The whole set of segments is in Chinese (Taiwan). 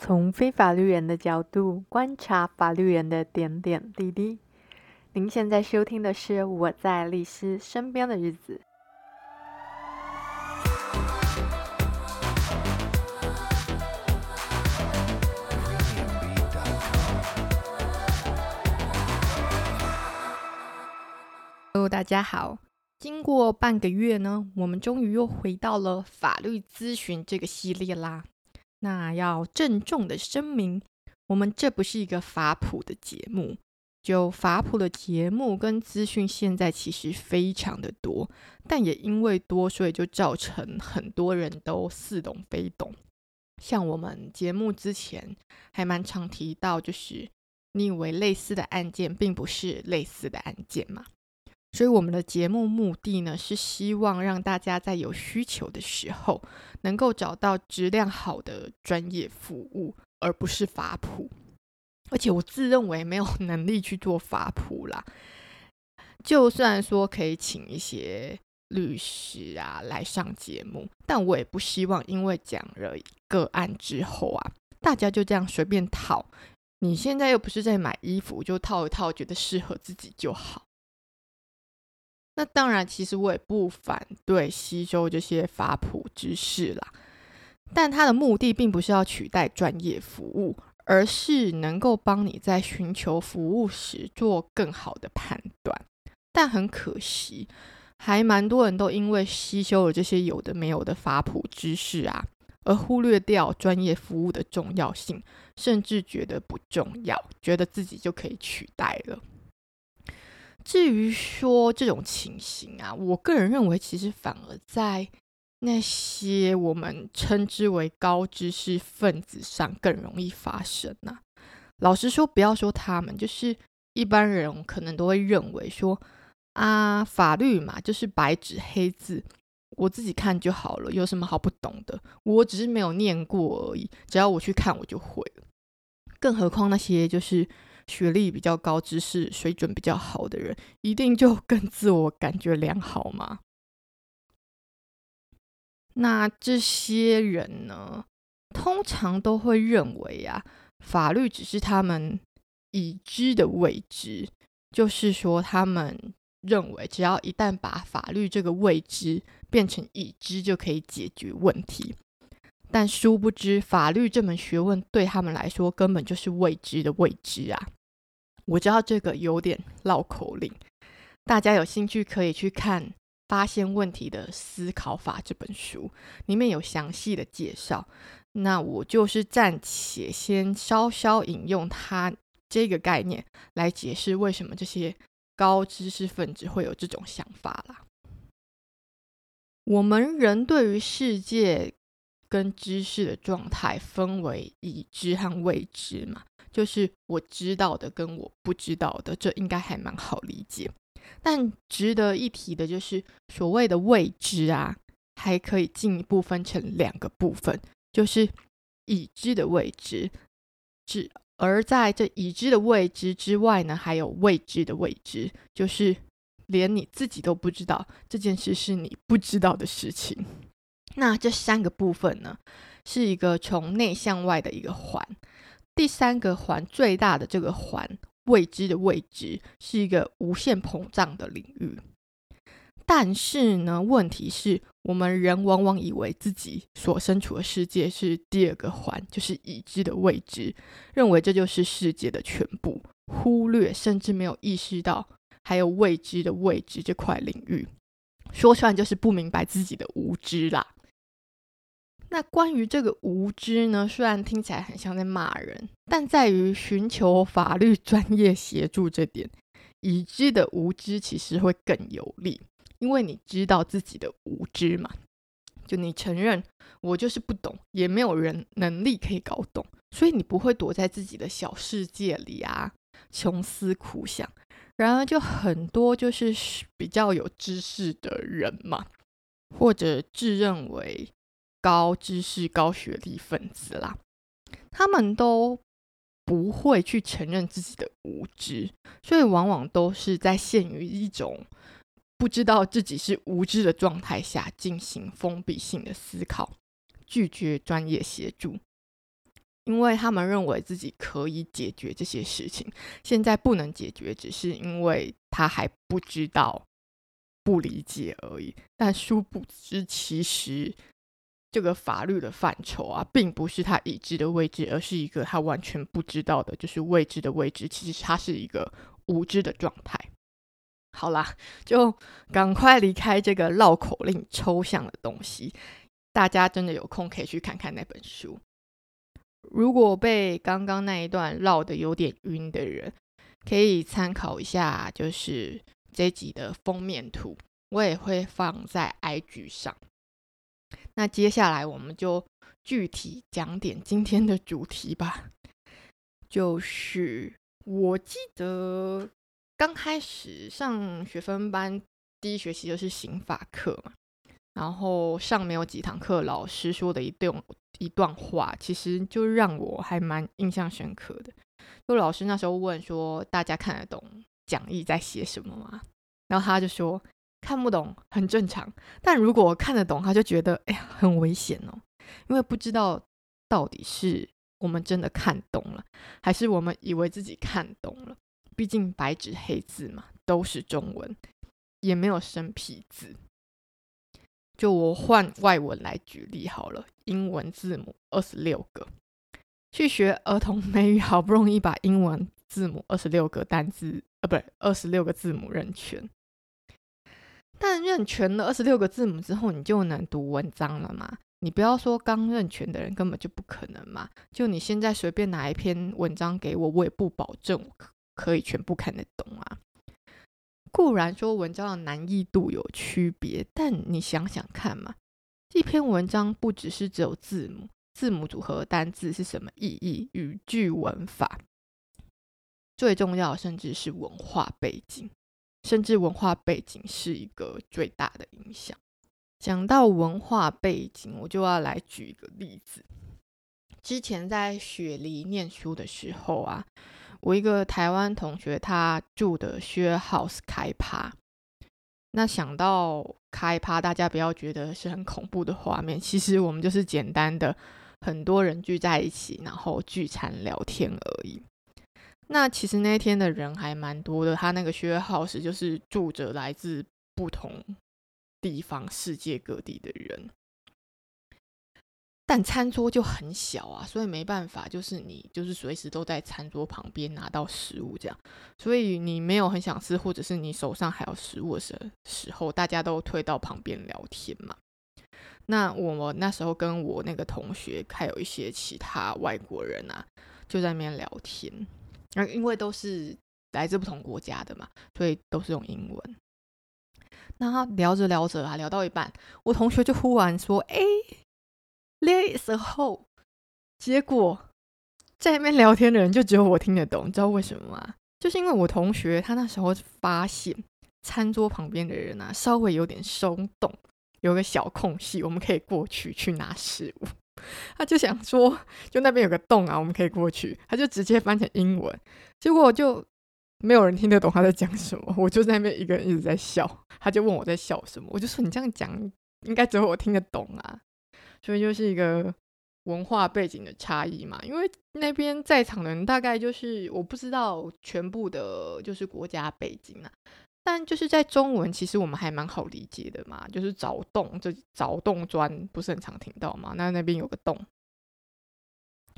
從非法律人的角度觀察法律人的點點滴滴。您現在收聽的是《我在利斯身邊的日子》。Hello，大家好，經過半個月呢，我們終於又回到了法律諮詢這個系列啦。那要鄭重的聲明，我們這不是一個法普的節目。就法普的節目跟資訊，現在其實非常的多，但也因為多，所以就造成很多人都似懂非懂。像我們節目之前還蠻常提到，就是你以為類似的案件，並不是類似的案件嘛。所以我們的節目目的呢，是希望讓大家在有需求的時候，能夠找到質量好的專業服務，而不是法普。而且我自認為沒有能力去做法普啦。就算說可以請一些律師啊來上節目，但我也不希望因為講了個案之後啊，大家就這樣隨便套。你現在又不是在買衣服，就套一套，覺得適合自己就好。那當然，其實我也不反對吸收這些法普知識啦，但它的目的並不是要取代專業服務，而是能夠幫你在尋求服務時做更好的判斷。但很可惜，還蠻多人都因為吸收了這些有的沒有的法普知識啊，而忽略掉專業服務的重要性，甚至覺得不重要，覺得自己就可以取代了。至於說這種情形啊，我個人認為，其實反而在那些我們稱之為高知識分子上更容易發生呢、啊。老實說，不要說他們，就是一般人，可能都會認為說啊，法律嘛，就是白紙黑字，我自己看就好了，有什麼好不懂的？我只是沒有念過而已，只要我去看，我就會了。更何況那些就是。學歷比較高，知識水準比較好的人，一定就更自我感覺良好嗎？那這些人呢，通常都會認為啊，法律只是他們已知的未知，就是說，他們認為只要一旦把法律這個未知變成已知，就可以解決問題。但殊不知，法律這門學問對他們來說，根本就是未知的未知啊。我知道這個有點繞口令，大家有興趣可以去看《發現問題的思考法》這本書，裡面有詳細的介紹。那我就是暫且先稍稍引用它這個概念來解釋為什麼這些高知識分子會有這種想法啦。我們人對於世界跟知識的狀態分為已知和未知嘛。就是我知道的跟我不知道的，這應該還蠻好理解。但值得一提的就是，所謂的未知啊，還可以進一步分成兩個部分，就是已知的未知，只而在這已知的未知之外呢，還有未知的未知，就是連你自己都不知道這件事是你不知道的事情。那這三個部分呢，是一個從內向外的一個環。第三個環最大的這個環，未知的未知，是一個無限膨脹的領域，但是呢，問題是我們人往往以為自己所身處的世界是第二個環，就是已知的未知，認為這就是世界的全部，忽略甚至沒有意識到還有未知的未知這塊領域，說穿就是不明白自己的無知啦。那關於這個無知呢？雖然聽起來很像在罵人，但在於尋求法律專業協助這點，已知的無知其實會更有利，因為你知道自己的無知嘛，就你承認我就是不懂，也沒有人能力可以搞懂，所以你不會躲在自己的小世界裡啊，窮思苦想。然而，就很多就是比較有知識的人嘛，或者自認為。高知識、高學歷分子啦，他們都不會去承認自己的無知，所以往往都是在陷於一種不知道自己是無知的狀態下進行封閉性的思考，拒絕專業協助，因為他們認為自己可以解決這些事情，現在不能解決，只是因為他還不知道、不理解而已。但殊不知，其實。這個法律的範疇啊，並不是他已知的未知，而是一個他完全不知道的，就是未知的未知。其實它是一個無知的狀態。好啦，就趕快離開這個繞口令抽象的東西。大家真的有空可以去看看那本書。如果被剛剛那一段繞的有點暈的人，可以參考一下，就是這集的封面圖，我也會放在 IG 上。那接下來我們就具體講點今天的主題吧，就是我記得剛開始上學分班，第一學期就是刑法課嘛，然後上沒有幾堂課，老師說的一段一段話，其實就讓我還蠻印象深刻的。就老師那時候問說，大家看得懂講義在寫什麼嗎？然後他就說，看不懂很正常，但如果我看得懂，他就覺得哎呀，欸、很危險哦，因為不知道到底是我們真的看懂了，還是我們以為自己看懂了。畢竟白紙黑字嘛，都是中文，也沒有生僻字。就我換外文來舉例好了，英文字母二十六個，去學兒童美語，好不容易把英文字母二十六個單字，呃，不對，二十六個字母認全。但認全了二十六個字母之後，你就能讀文章了嗎？你不要說剛認全的人根本就不可能嘛！就你現在隨便拿一篇文章給我，我也不保證我可以全部看得懂啊。固然說文章的難易度有區別，但你想想看嘛，一篇文章不只是只有字母，字母組合、單字是什麼意義、語句、文法，最重要甚至是文化背景。甚至文化背景是一個最大的影響。講到文化背景，我就要來舉一個例子。之前在雪梨念書的時候啊，我一個台灣同學他住的 share house 開趴。那想到開趴，大家不要覺得是很恐怖的畫面，其實我們就是簡單的很多人聚在一起，然後聚餐聊天而已。那其實那天的人還蠻多的。他那個 share house 就是住着來自不同地方、世界各地的人，但餐桌就很小啊，所以沒辦法，就是你就是隨時都在餐桌旁邊拿到食物這樣。所以你沒有很想吃，或者是你手上還有食物的時時候，大家都退到旁邊聊天嘛。那我們那時候跟我那個同學還有一些其他外國人啊，就在那邊聊天。而因為都是來自不同國家的嘛，所以都是用英文。那他聊着聊着啊，聊到一半，我同學就忽然說：“哎，There is a hole。”結果在那邊聊天的人就只有我聽得懂，你知道為什麼嗎？就是因為我同學他那時候發現餐桌旁邊的人啊，稍微有點鬆動，有個小空隙，我們可以過去去拿食物。他就想說，就那邊有個洞啊，我們可以過去。他就直接翻成英文，結果就沒有人聽得懂他在講什麼。我就在那邊一個人一直在笑。他就問我在笑什麼，我就說，你這樣講應該只有我聽得懂啊。所以就是一個文化背景的差異嘛。因為那邊在場的人大概就是我不知道全部的，就是國家背景啊。但就是在中文，其實我們還蠻好理解的嘛。就是鑿洞，就鑿洞磚不是很常聽到嘛，那那邊有個洞。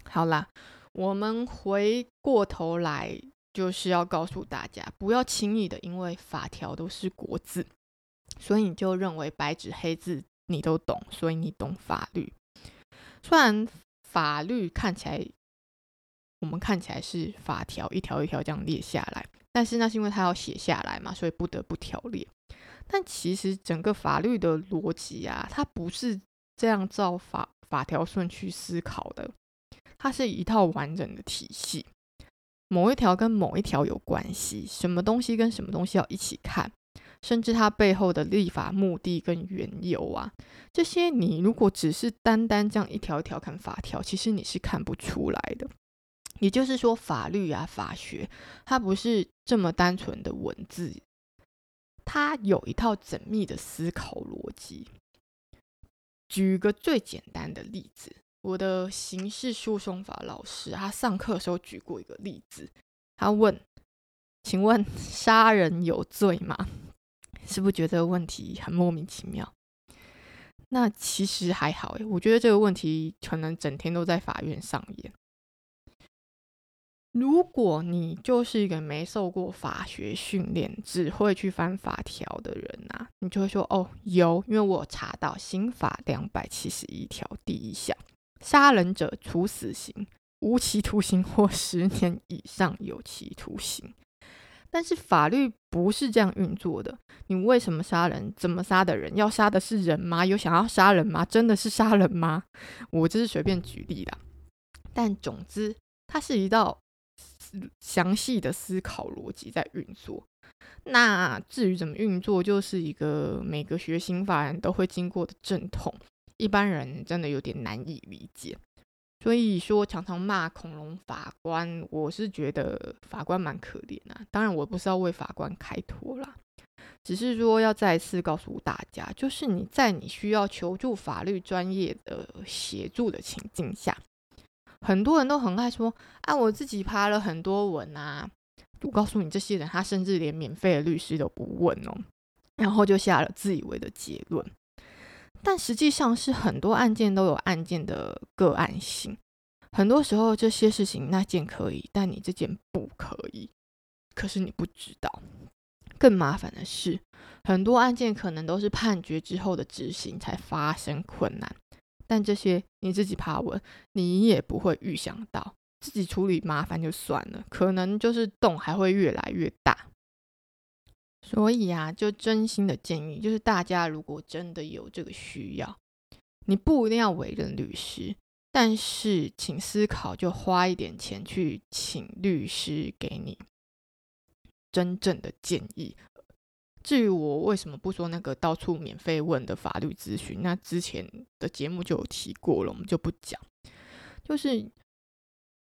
好啦，我們回過頭來，就是要告訴大家，不要輕易的，因為法條都是國字，所以你就認為白紙黑字你都懂，所以你懂法律。雖然法律看起來，我們看起來是法條一條一條這樣列下來。但是那是因為他要寫下來嘛，所以不得不條列。但其實整個法律的邏輯啊，它不是這樣照法法條順序思考的，它是一套完整的體系。某一條跟某一條有關係，什麼東西跟什麼東西要一起看，甚至它背後的立法目的跟緣由啊，這些你如果只是單單這樣一條一條看法條，其實你是看不出來的。也就是說，法律啊，法學，它不是這麼單純的文字，它有一套縝密的思考邏輯。舉個最簡單的例子，我的刑事訴訟法老師，他上課的時候舉過一個例子，他問：“請問殺人有罪嗎？”是不是覺得問題很莫名其妙？那其實還好欸，我覺得這個問題可能整天都在法院上演。如果你就是一個沒受過法學訓練、只會去翻法條的人啊，你就會說：“哦，有，因為我查到《刑法》兩百七十一條第一項，殺人者處死刑、無期徒刑或十年以上有期徒刑。”但是法律不是這樣運作的。你為什麼殺人？怎麼殺的人？要殺的是人嗎？有想要殺人嗎？真的是殺人嗎？我這是隨便舉例的。但總之，它是一道。詳細的思考邏輯在運作，那至於怎麼運作，就是一個每個學刑法人都會經過的陣痛，一般人真的有點難以理解。所以說，常常罵恐龍法官，我是覺得法官蠻可憐啊。當然，我不是要為法官開脫啦，只是說要再次告訴大家，就是你在你需要求助法律專業的協助的情境下。很多人都很愛說：“啊，我自己爬了很多文啊！”我告訴你，這些人他甚至連免費的律師都不問哦，然後就下了自以為的結論。但實際上，是很多案件都有案件的個案性。很多時候，這些事情那件可以，但你這件不可以。可是你不知道，更麻煩的是，很多案件可能都是判決之後的執行才發生困難。但這些你自己爬文，你也不會預想到，自己處理麻煩就算了，可能就是洞還會越來越大。所以啊，就真心的建議，就是大家如果真的有這個需要，你不一定要委任律師，但是請思考，就花一點錢去請律師給你真正的建議。至於我為什麼不說那個到處免費問的法律諮詢，那之前的節目就有提過了，我們就不講。就是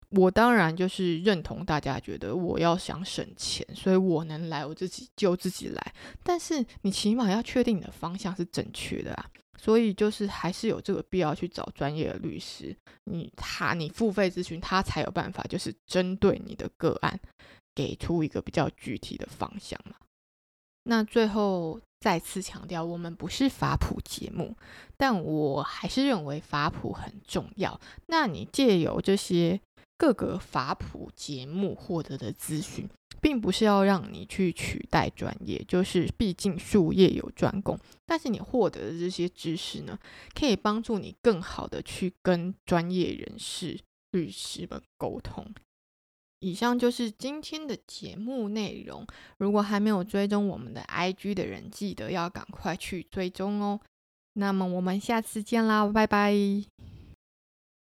我當然就是認同大家覺得我要想省錢，所以我能來我自己就自己來。但是你起碼要確定你的方向是正確的啊。所以就是還是有這個必要去找專業的律師。你他你付費諮詢，他才有辦法就是針對你的個案給出一個比較具體的方向嘛。那最後再次強調，我們不是法普節目，但我還是認為法普很重要。那你借由這些各個法普節目獲得的資訊，並不是要讓你去取代專業，就是畢竟術業有專攻。但是你獲得的這些知識呢，可以幫助你更好的去跟專業人士、律師們溝通。以上就是今天的節目內容。如果還沒有追蹤我們的 IG 的人，記得要趕快去追蹤哦。那麼我們下次見啦，拜拜。